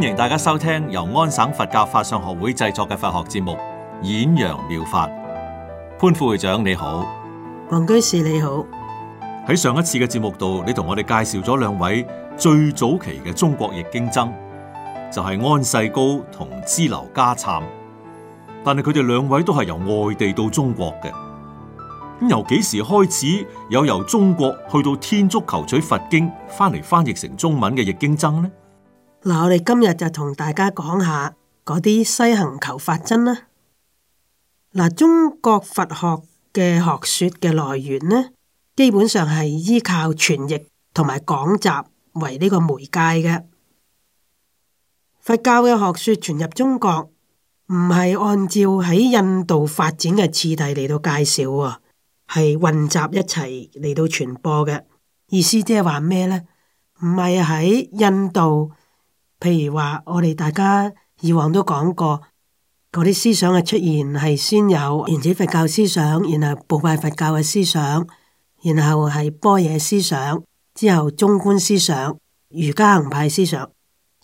歡迎大家收聽由安省佛教法相學會製作嘅佛學節目《演揚妙，妙法》。潘副會長你好，黃居士你好。喺上一次嘅節目度，你同我哋介紹咗兩位最早期嘅中國譯經僧，就係、是、安世高同支婁迦讖。但係佢哋兩位都係由外地到中國嘅。咁由幾時開始有由中國去到天竺求取佛經，翻嚟翻譯成中文嘅譯經僧呢？嗱，我哋今日就同大家講下嗰啲西行求法僧啦。嗱，中國佛學嘅學說嘅來源呢，基本上係依靠傳譯同埋講習為呢個媒介嘅。佛教嘅學說傳入中國，唔係按照喺印度發展嘅次第嚟到介紹喎，係混雜一齊嚟到傳播嘅。意思即係話咩呢？唔係喺印度。譬如話，我哋大家以往都講過嗰啲思想嘅出現係先有原始佛教思想，然後部派佛教嘅思想，然後係般若思想，之後中觀思想、瑜伽行派思想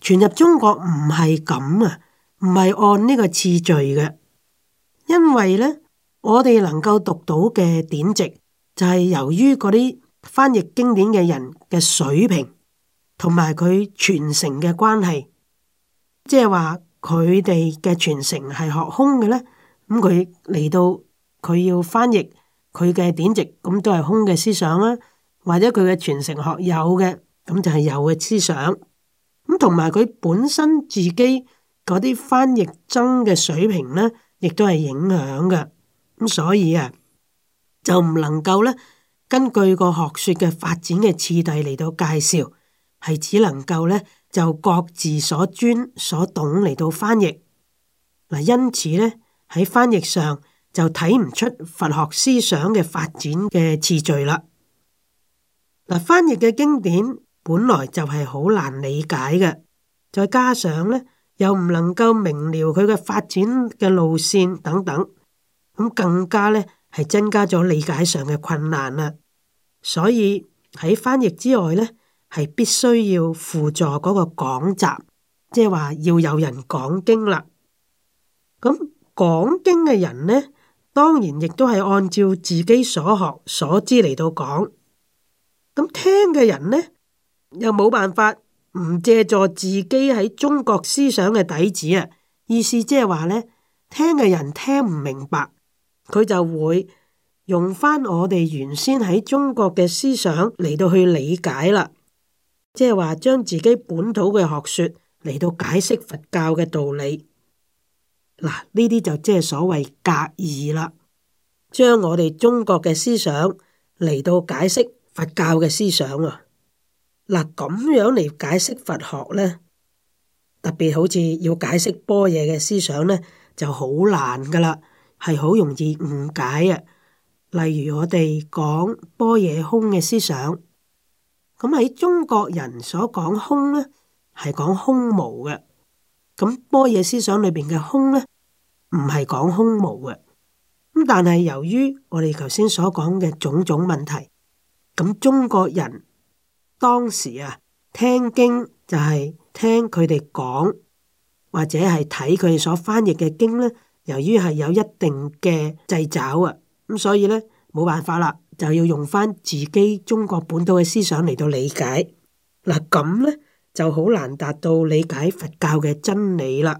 傳入中國唔係咁啊，唔係按呢個次序嘅。因為呢，我哋能夠讀到嘅典籍就係由於嗰啲翻譯經典嘅人嘅水平，同埋佢傳承嘅關係，即係話佢哋嘅傳承係學空嘅呢。咁佢嚟到佢要翻譯佢嘅典籍，咁都係空嘅思想啦，或者佢嘅傳承學有嘅，咁就係有嘅思想，咁同埋佢本身自己嗰啲翻譯中嘅水平呢，亦都係影響嘅，咁所以啊，就唔能夠咧根據個學說嘅發展嘅次第嚟到介紹。係只能夠咧就各自所專所懂嚟到翻譯嗱，因此咧喺翻譯上就睇唔出佛學思想嘅發展嘅次序啦。嗱，翻譯嘅經典本來就係好難理解嘅，再加上咧又唔能夠明瞭佢嘅發展嘅路線等等，咁更加咧係增加咗理解上嘅困難啦。所以喺翻譯之外咧。係必須要輔助嗰個講習，即係話要有人講經啦。咁講經嘅人呢，當然亦都係按照自己所學所知嚟到講。咁聽嘅人呢，又冇辦法唔借助自己喺中國思想嘅底子啊。意思即係話呢，聽嘅人聽唔明白，佢就會用翻我哋原先喺中國嘅思想嚟到去理解啦。即係話將自己本土嘅學說嚟到解釋佛教嘅道理，嗱呢啲就即係所謂格義啦，將我哋中國嘅思想嚟到解釋佛教嘅思想啊，嗱咁樣嚟解釋佛學呢，特別好似要解釋般若嘅思想呢，就好難噶啦，係好容易誤解啊，例如我哋講般若空嘅思想。咁喺中國人所講空呢，係講空無嘅。咁般若思想裏邊嘅空呢，唔係講空無嘅。咁但係由於我哋頭先所講嘅種種問題，咁中國人當時啊聽經就係聽佢哋講，或者係睇佢哋所翻譯嘅經呢，由於係有一定嘅掣肘啊，咁所以呢，冇辦法啦。就要用翻自己中國本土嘅思想嚟到理解，嗱咁呢就好難達到理解佛教嘅真理啦。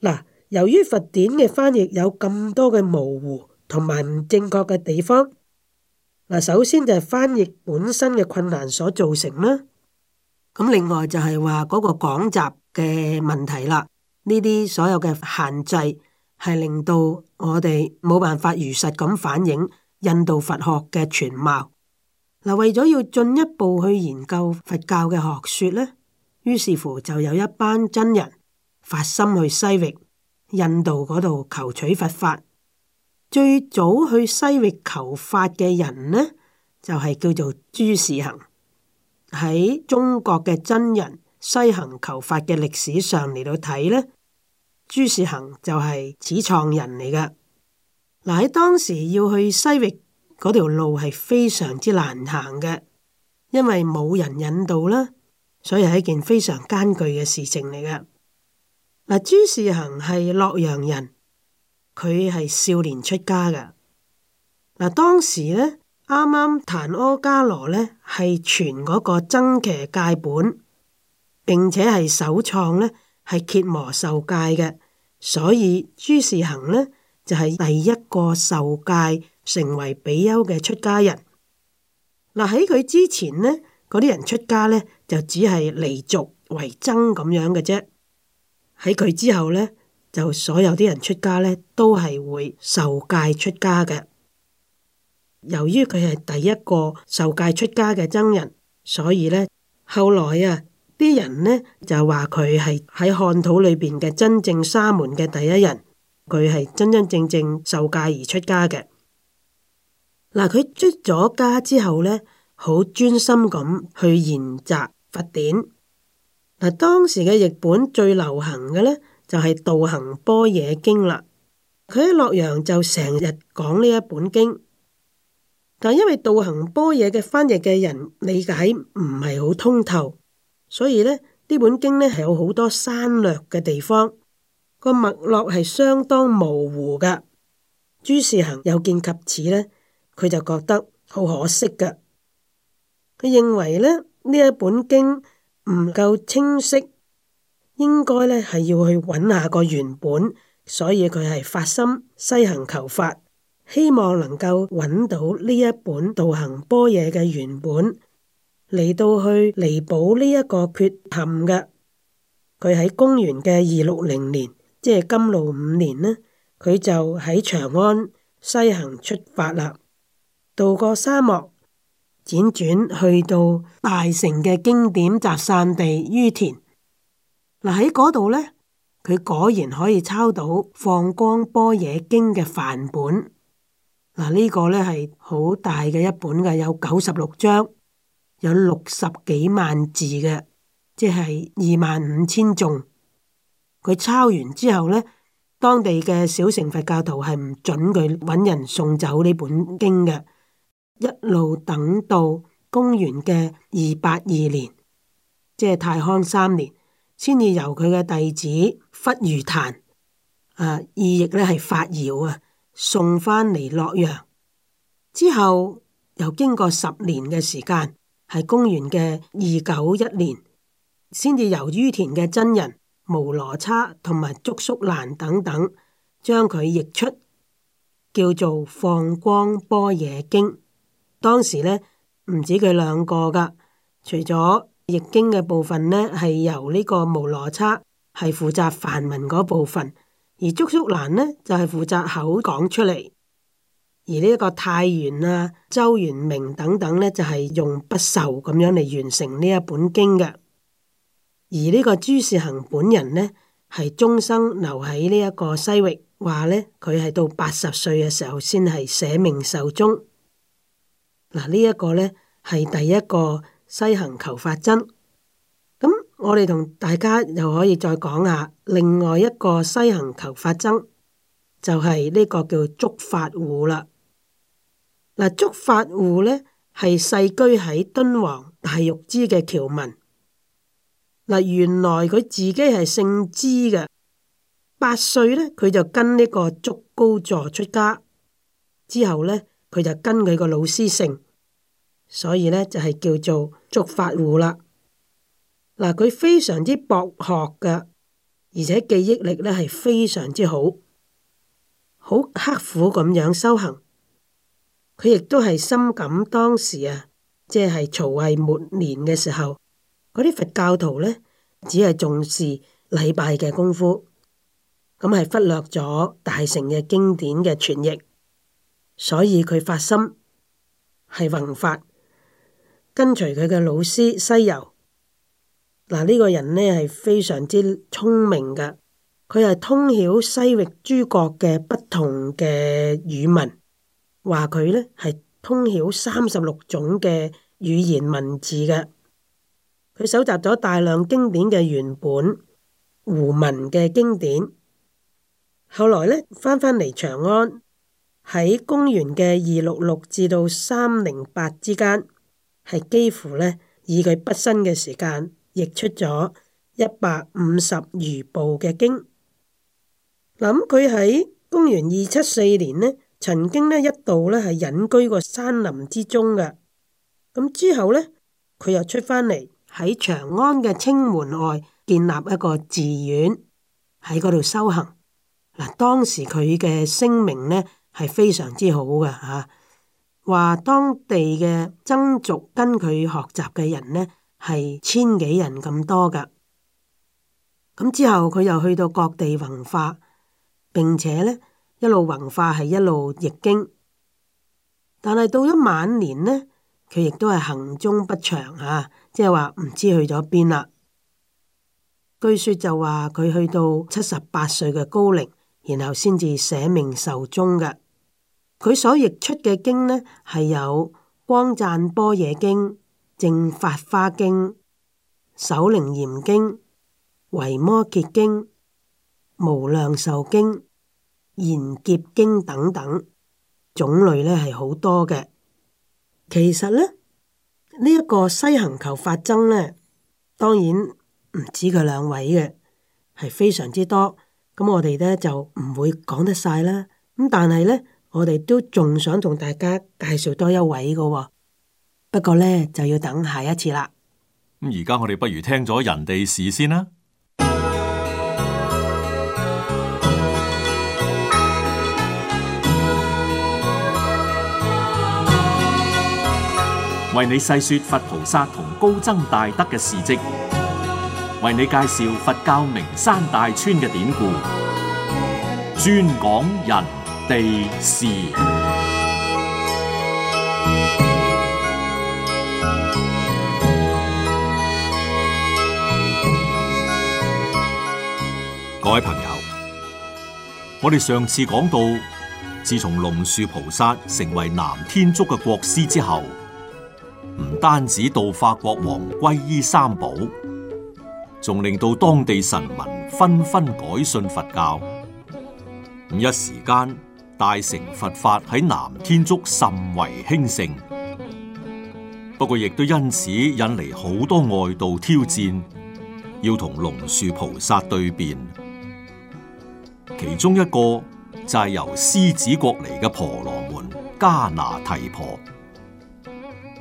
嗱，由於佛典嘅翻譯有咁多嘅模糊同埋唔正確嘅地方，嗱首先就係翻譯本身嘅困難所造成啦。咁另外就係話嗰個講習嘅問題啦，呢啲所有嘅限制係令到我哋冇辦法如實咁反映。印度佛學嘅全貌嗱，為咗要進一步去研究佛教嘅學說咧，於是乎就有一班僧人發心去西域、印度嗰度求取佛法。最早去西域求法嘅人呢，就係、是、叫做朱士行。喺中國嘅僧人西行求法嘅歷史上嚟到睇呢，朱士行就係始創人嚟噶。嗱，喺當時要去西域嗰條路係非常之難行嘅，因為冇人引導啦，所以係一件非常艱巨嘅事情嚟嘅。嗱，朱士行係洛陽人，佢係少年出家嘅。嗱，當時呢，啱啱曇柯迦羅呢係傳嗰個僧祇戒本，並且係首創呢係羯磨受戒嘅，所以朱士行呢。就係第一個受戒成為比丘嘅出家人。嗱，喺佢之前呢，嗰啲人出家呢，就只係離俗為僧咁樣嘅啫。喺佢之後呢，就所有啲人出家呢，都係會受戒出家嘅。由於佢係第一個受戒出家嘅僧人，所以呢，後來啊，啲人呢，就話佢係喺漢土裏邊嘅真正沙門嘅第一人。佢係真真正正受戒而出家嘅。嗱，佢出咗家之後呢，好專心咁去研習佛典。嗱，當時嘅譯本最流行嘅呢，就係道行般若經啦。佢喺洛陽就成日講呢一本經，但因為道行般若嘅翻譯嘅人理解唔係好通透，所以呢，呢本經呢係有好多刪略嘅地方。個脈絡係相當模糊噶朱士行有見及此呢，佢就覺得好可惜噶佢認為咧，呢一本經唔夠清晰，應該咧係要去揾下個原本，所以佢係發心西行求法，希望能夠揾到呢一本道行般若嘅原本嚟到去彌補呢一個缺陷嘅。佢喺公元嘅二六零年，即係甘露五年呢，佢就喺長安西行出發啦，渡過沙漠，輾轉去到大城嘅經典集散地于闐。嗱喺嗰度呢，佢果然可以抄到《放光般若經》嘅梵本。嗱呢個呢係好大嘅一本嘅，有九十六章，有六十幾萬字嘅，即係二萬五千頌。佢抄完之後呢，當地嘅小乘佛教徒係唔准佢揾人送走呢本經嘅，一路等到公元嘅二八二年，即係太康三年，先至由佢嘅弟子忽如曇，啊，意譯咧係法瑤啊，送翻嚟洛陽之後，又經過十年嘅時間，係公元嘅二九一年，先至由于闐嘅真人。無羅叉同埋竺叔蘭等等，將佢譯出，叫做《放光般若經》。當時呢，唔止佢兩個㗎，除咗譯經嘅部分呢，係由呢個無羅叉係負責梵文嗰部分，而竺叔蘭呢，就係、是、負責口講出嚟。而呢一個太玄啊、周玄明等等呢，就係、是、用筆受」咁樣嚟完成呢一本經嘅。而呢個朱士行本人呢，係終生留喺呢一個西域，話呢佢係到八十歲嘅時候先係捨命壽終。嗱，呢一個呢係第一個西行求法僧。咁我哋同大家又可以再講下另外一個西行求法僧，就係、是、呢個叫竺法護啦。嗱，竺法護呢係世居喺敦煌大月支嘅僑民。嗱，原來佢自己係姓支嘅，八歲呢，佢就跟呢個竺高座出家之後呢，佢就跟佢個老師姓，所以呢，就係叫做竺法護啦。嗱，佢非常之博學㗎，而且記憶力呢係非常之好，好刻苦咁樣修行。佢亦都係深感當時啊，即係曹魏末年嘅時候。嗰啲佛教徒呢，只係重視禮拜嘅功夫，咁係忽略咗大乘嘅經典嘅傳譯，所以佢發心係弘法，跟隨佢嘅老師西遊。嗱、這、呢個人呢係非常之聰明噶，佢係通曉西域諸國嘅不同嘅語文，話佢呢係通曉三十六種嘅語言文字嘅。佢搜集咗大量經典嘅原本胡文嘅經典，後來呢翻返嚟長安喺公元嘅二六六至到三零八之間，係幾乎呢以佢畢生嘅時間譯出咗一百五十餘部嘅經。諗佢喺公元二七四年呢，曾經呢一度呢係隱居過山林之中噶，咁之後呢佢又出返嚟。喺長安嘅青門外建立一個寺院，喺嗰度修行。嗱，當時佢嘅聲名呢係非常之好噶吓，話、啊、當地嘅僧俗跟佢學習嘅人呢係千幾人咁多噶。咁之後佢又去到各地弘化，並且呢一路弘化係一路譯經，但係到咗晚年呢。佢亦都係行蹤不詳啊！即係話唔知去咗邊啦。據說就話佢去到七十八歲嘅高齡，然後先至捨命壽終嘅。佢所譯出嘅經呢，係有《光贊般若經》、《正法華經》、《首楞嚴經》、《維摩詰經》、《無量壽經》、《賢劫經》等等，種類呢係好多嘅。其實呢，呢、這、一個西行求法僧呢，當然唔止佢兩位嘅，係非常之多。咁我哋呢，就唔會講得晒啦。咁但係呢，我哋都仲想同大家介紹多一位㗎喎、哦。不過呢，就要等下一次啦。咁而家我哋不如聽咗人哋事先啦。為你細說佛菩薩同高僧大德嘅事跡，為你介紹佛教名山大川嘅典故，專講人地事。各位朋友，我哋上次講到，自從龍樹菩薩成為南天竺嘅國師之後。唔單止度化國王皈依三寶，仲令到當地神民紛紛改信佛教。五一時間，大乘佛法喺南天竺甚為興盛。不過，亦都因此引嚟好多外道挑戰，要同龍樹菩薩對辯。其中一個就係由獅子國嚟嘅婆羅門迦拿提婆。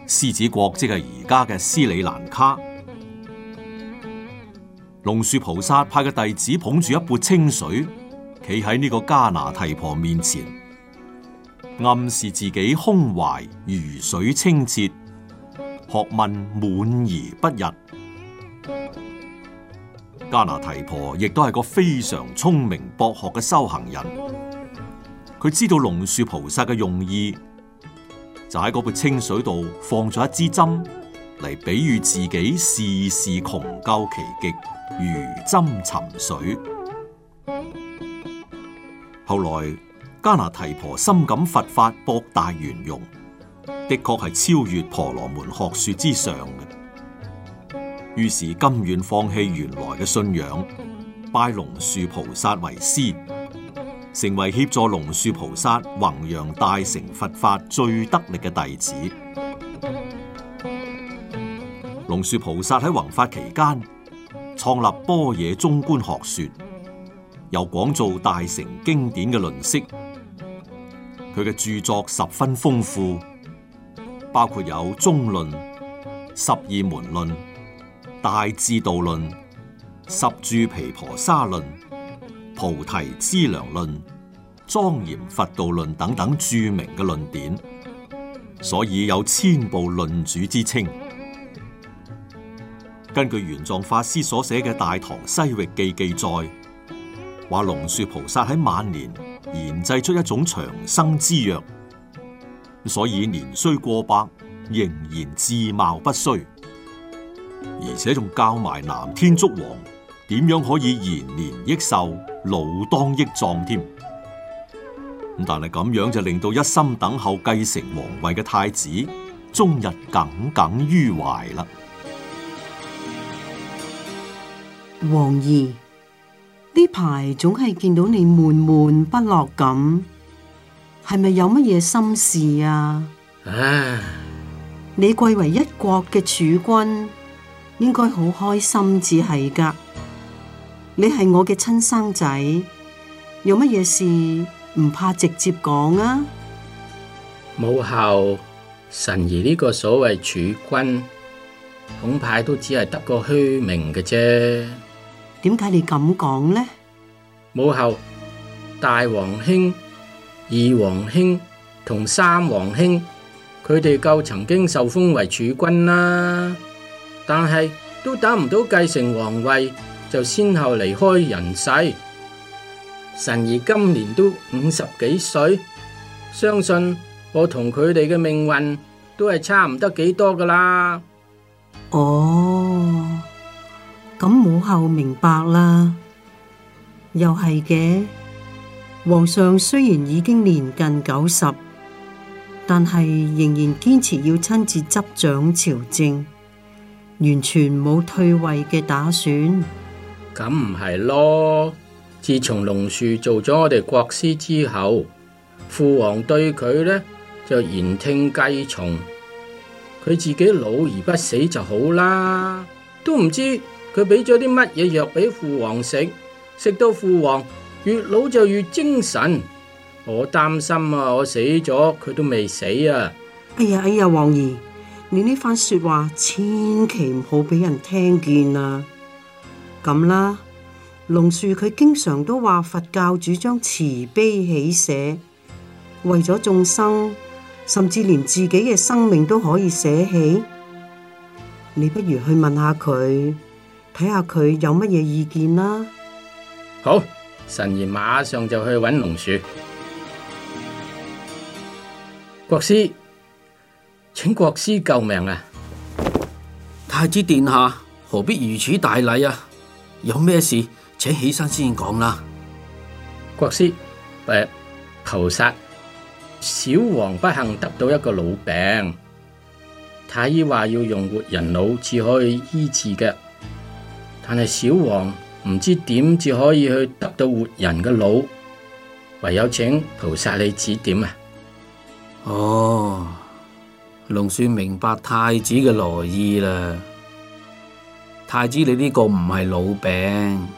獅子國即係而家嘅斯里蘭卡，龍樹菩薩派嘅弟子捧住一缽清水，企喺呢個迦拿提婆面前，暗示自己胸懷如水清澈，學問滿而不溢。迦拿提婆亦都係個非常聰明博學嘅修行人，佢知道龍樹菩薩嘅用意。就喺嗰杯清水度放咗一支針嚟，比喻自己事事窮究其極，如針沉水。後來迦拿提婆深感佛法博大圓融，的確係超越婆羅門學說之上嘅，於是甘願放棄原來嘅信仰，拜龍樹菩薩為師。成為協助龍樹菩薩弘揚大乘佛法最得力嘅弟子。龍樹菩薩喺弘法期間，創立般若中觀學說，又廣造大乘經典嘅論釋。佢嘅著作十分豐富，包括有《中論》《十二門論》《大智度論》《十住毗婆沙論》。菩提之良論、莊嚴佛道論等等著名嘅論點，所以有千部論主之稱。根據玄奘法師所寫嘅《大唐西域記》記載，話龍樹菩薩喺晚年研製出一種長生之藥，所以年雖過百，仍然自貌不衰，而且仲教埋南天竺王。點樣可以延年益壽，老當益壯添？咁但係咁樣就令到一心等候繼承皇位嘅太子終日耿耿於懷啦。王兒，呢排總係見到你悶悶不樂咁，係咪有乜嘢心事啊？唉、啊，你貴為一國嘅儲君，應該好開心至係噶你係我嘅親生仔，有乜嘢事唔怕直接講啊？母后，神兒呢個所謂儲君，恐怕都只係得個虛名嘅啫。點解你咁講呢？母后，大王兄、二王兄同三王兄，佢哋夠曾經受封為儲君啦，但係都打唔到繼承皇位。就先後離開人世，臣兒今年都五十幾歲，相信我同佢哋嘅命運都係差唔多幾多噶啦。哦，咁母后明白啦，又係嘅。皇上雖然已經年近九十，但係仍然堅持要親自執掌朝政，完全冇退位嘅打算。咁唔係咯，自從龍樹做咗我哋國師之後，父王對佢呢就言聽計從，佢自己老而不死就好啦。都唔知佢俾咗啲乜嘢藥俾父王食，食到父王越老就越精神。我擔心啊，我死咗佢都未死啊！哎呀哎呀，王兒，你呢番說話千祈唔好俾人聽見啊！咁啦，龍樹佢經常都話佛教主張慈悲喜捨，為咗眾生，甚至連自己嘅生命都可以捨棄。你不如去問下佢，睇下佢有乜嘢意見啦。好，神兒馬上就去揾龍樹。國師，請國師救命啊！太子殿下何必如此大禮啊！有咩事，請起身先講啦，國師誒、呃，菩薩，小王不幸得到一個腦病，太醫話要用活人腦至可以醫治嘅，但係小王唔知點至可以去得到活人嘅腦，唯有請菩薩你指點啊！哦，龍樹明白太子嘅來意啦。太子，你呢個唔係老病，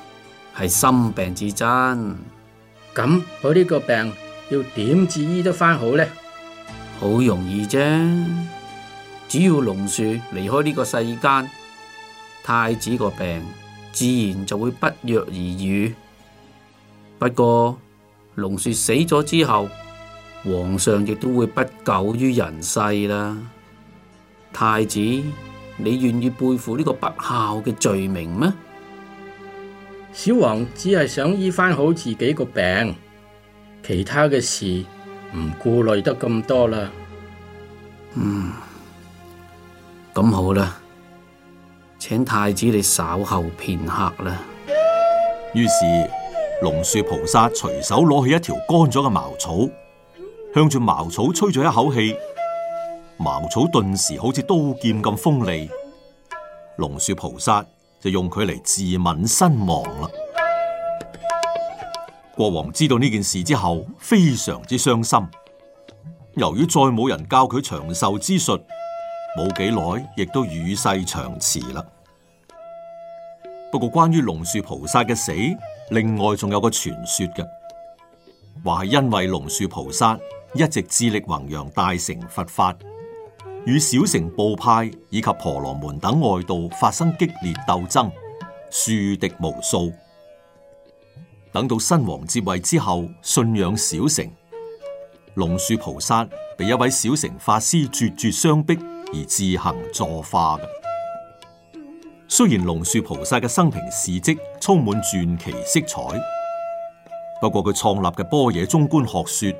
係心病至真。咁佢呢個病要點治醫得翻好呢？好容易啫，只要龍樹離開呢個世間，太子個病自然就會不藥而愈。不過龍樹死咗之後，皇上亦都會不久於人世啦，太子。你願意背負呢個不孝嘅罪名咩？小王只係想醫翻好自己個病，其他嘅事唔顧慮得咁多啦。嗯，咁好啦，請太子你稍候片刻啦。於是龍樹菩薩隨手攞起一條乾咗嘅茅草，向住茅草吹咗一口氣。茅草頓時好似刀劍咁鋒利，龍樹菩薩就用佢嚟自刎身亡啦。國王知道呢件事之後，非常之傷心。由於再冇人教佢長壽之術，冇幾耐亦都與世長辭啦。不過關於龍樹菩薩嘅死，另外仲有個傳說嘅，話係因為龍樹菩薩一直致力弘揚大乘佛法。與小乘部派以及婆羅門等外道發生激烈鬥爭，樹敵無數。等到新王接位之後，信仰小乘。龍樹菩薩被一位小乘法師咄咄相逼而自行坐化嘅。雖然龍樹菩薩嘅生平事跡充滿傳奇色彩，不過佢創立嘅般若中觀學說，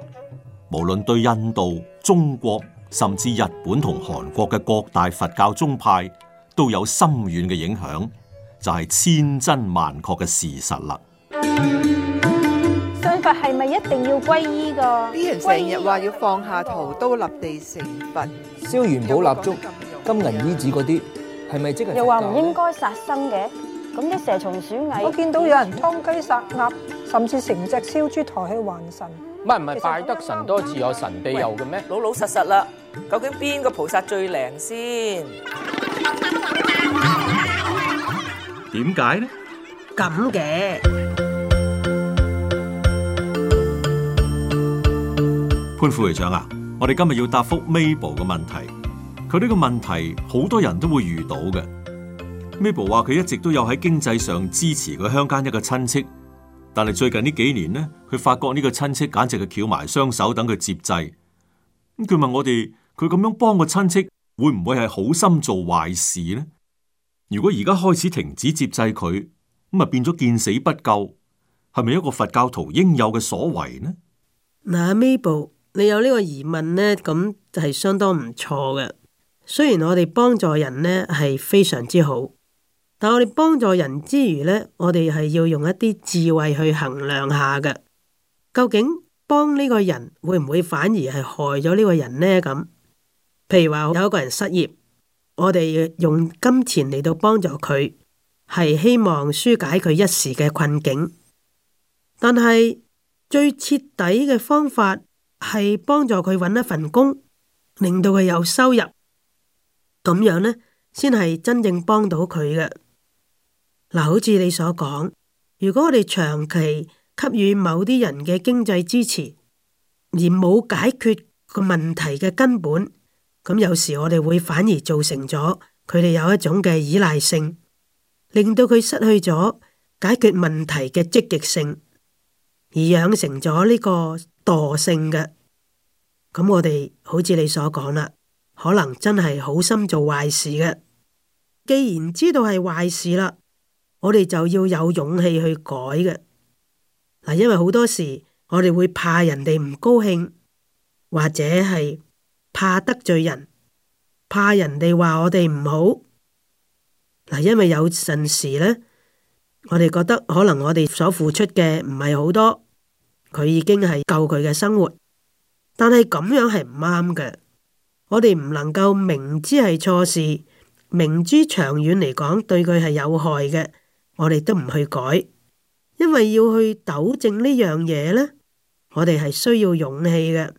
無論對印度、中國，甚至日本同韓國嘅各大佛教宗派都有深遠嘅影響，就係千真萬確嘅事實啦。信佛係咪一定要皈依㗎？呢人成日話要放下屠刀立地成佛，燒元寶蠟燭、金銀衣紙嗰啲，係咪即係？又話唔應該殺生嘅，咁啲蛇蟲鼠蟻，我見到有人劏雞殺鴨，甚至成隻燒豬抬去還神。唔係唔係，拜得神多自有神庇佑嘅咩？老老實實啦。究竟邊個菩薩最靈先？點解呢？咁嘅 潘副會長啊，我哋今日要答覆 Mabel 嘅問題。佢呢個問題好多人都會遇到嘅。Mabel 話佢一直都有喺經濟上支持佢鄉間一個親戚，但係最近呢幾年呢，佢發覺呢個親戚簡直係翹埋雙手等佢接濟。咁佢問我哋。佢咁樣幫個親戚會唔會係好心做壞事呢？如果而家開始停止接濟佢，咁啊變咗見死不救，係咪一個佛教徒應有嘅所為呢？嗱、啊，阿 Mabel，你有呢個疑問呢，咁就係相當唔錯嘅。雖然我哋幫助人呢係非常之好，但我哋幫助人之餘呢，我哋係要用一啲智慧去衡量下嘅，究竟幫呢個人會唔會反而係害咗呢個人呢？咁。譬如話有一個人失業，我哋用金錢嚟到幫助佢，係希望紓解佢一時嘅困境。但係最徹底嘅方法係幫助佢揾一份工，令到佢有收入，咁樣呢，先係真正幫到佢嘅。嗱，好似你所講，如果我哋長期給予某啲人嘅經濟支持，而冇解決個問題嘅根本。咁有時我哋會反而造成咗佢哋有一種嘅依賴性，令到佢失去咗解決問題嘅積極性，而養成咗呢個惰性嘅。咁我哋好似你所講啦，可能真係好心做壞事嘅。既然知道係壞事啦，我哋就要有勇氣去改嘅。嗱，因為好多時我哋會怕人哋唔高興，或者係。怕得罪人，怕人哋話我哋唔好。嗱，因為有陣時呢，我哋覺得可能我哋所付出嘅唔係好多，佢已經係救佢嘅生活，但係咁樣係唔啱嘅。我哋唔能夠明知係錯事，明知長遠嚟講對佢係有害嘅，我哋都唔去改，因為要去糾正呢樣嘢呢，我哋係需要勇氣嘅。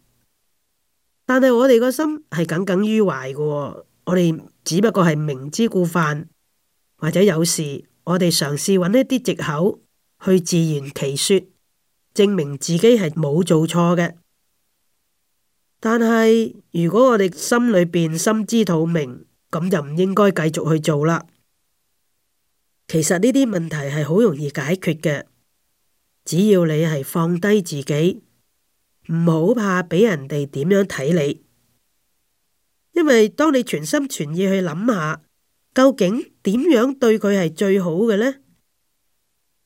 但係我哋個心係耿耿於懷嘅，哦，我哋只不過係明知故犯，或者有時，我哋嘗試搵一啲藉口去自圓其說，證明自己係冇做錯嘅。但係如果我哋心裏邊心知肚明，咁就唔應該繼續去做啦。其實呢啲問題係好容易解決嘅，只要你係放低自己。唔好怕俾人哋點樣睇你，因為當你全心全意去諗下，究竟點樣對佢係最好嘅呢？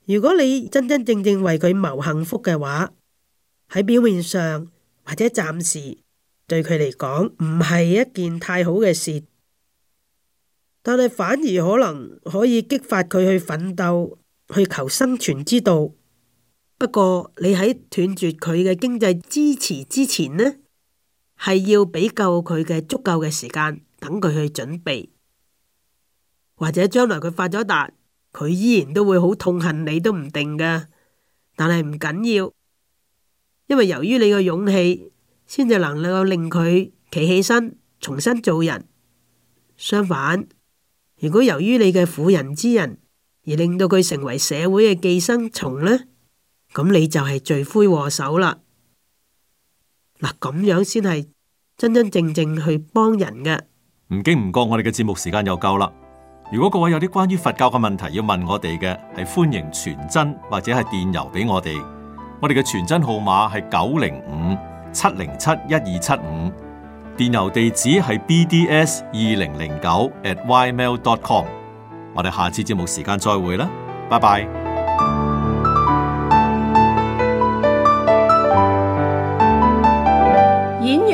如果你真真正正為佢謀幸福嘅話，喺表面上或者暫時對佢嚟講唔係一件太好嘅事，但係反而可能可以激發佢去奮鬥，去求生存之道。不過你喺斷絕佢嘅經濟支持之前呢，係要俾夠佢嘅足夠嘅時間，等佢去準備，或者將來佢發咗達，佢依然都會好痛恨你都唔定噶。但係唔緊要，因為由於你嘅勇氣，先至能夠令佢企起身，重新做人。相反，如果由於你嘅婦人之仁，而令到佢成為社會嘅寄生蟲呢？咁你就係罪魁禍首啦，嗱咁樣先係真真正正去幫人嘅。唔經唔覺，我哋嘅節目時間又夠啦。如果各位有啲關於佛教嘅問題要問我哋嘅，係歡迎傳真或者係電郵俾我哋。我哋嘅傳真號碼係九零五七零七一二七五，75，電郵地址係 bds 二零零九 @ymail.com。我哋下次節目時間再會啦，拜拜。